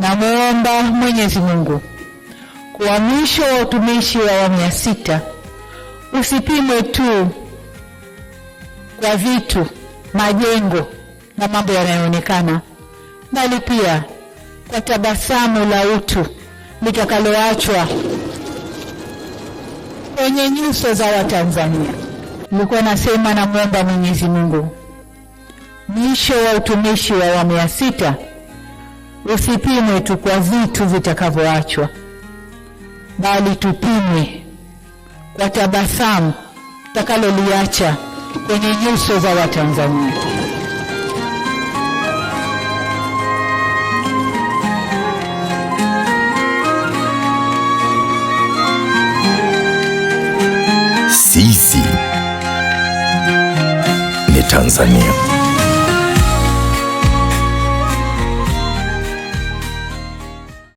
Namwomba Mwenyezi Mungu kuwa mwisho wa utumishi wa awamu ya sita usipimwe tu kwa vitu, majengo na mambo yanayoonekana, bali pia kwa tabasamu la utu litakaloachwa kwenye nyuso za Watanzania. Nilikuwa nasema namwomba Mwenyezi Mungu mwisho wa utumishi wa awamu ya sita Usipimwe tu kwa vitu vitakavyoachwa, bali tupimwe kwa tabasamu takaloliacha kwenye nyuso za Watanzania. Sisi ni Tanzania.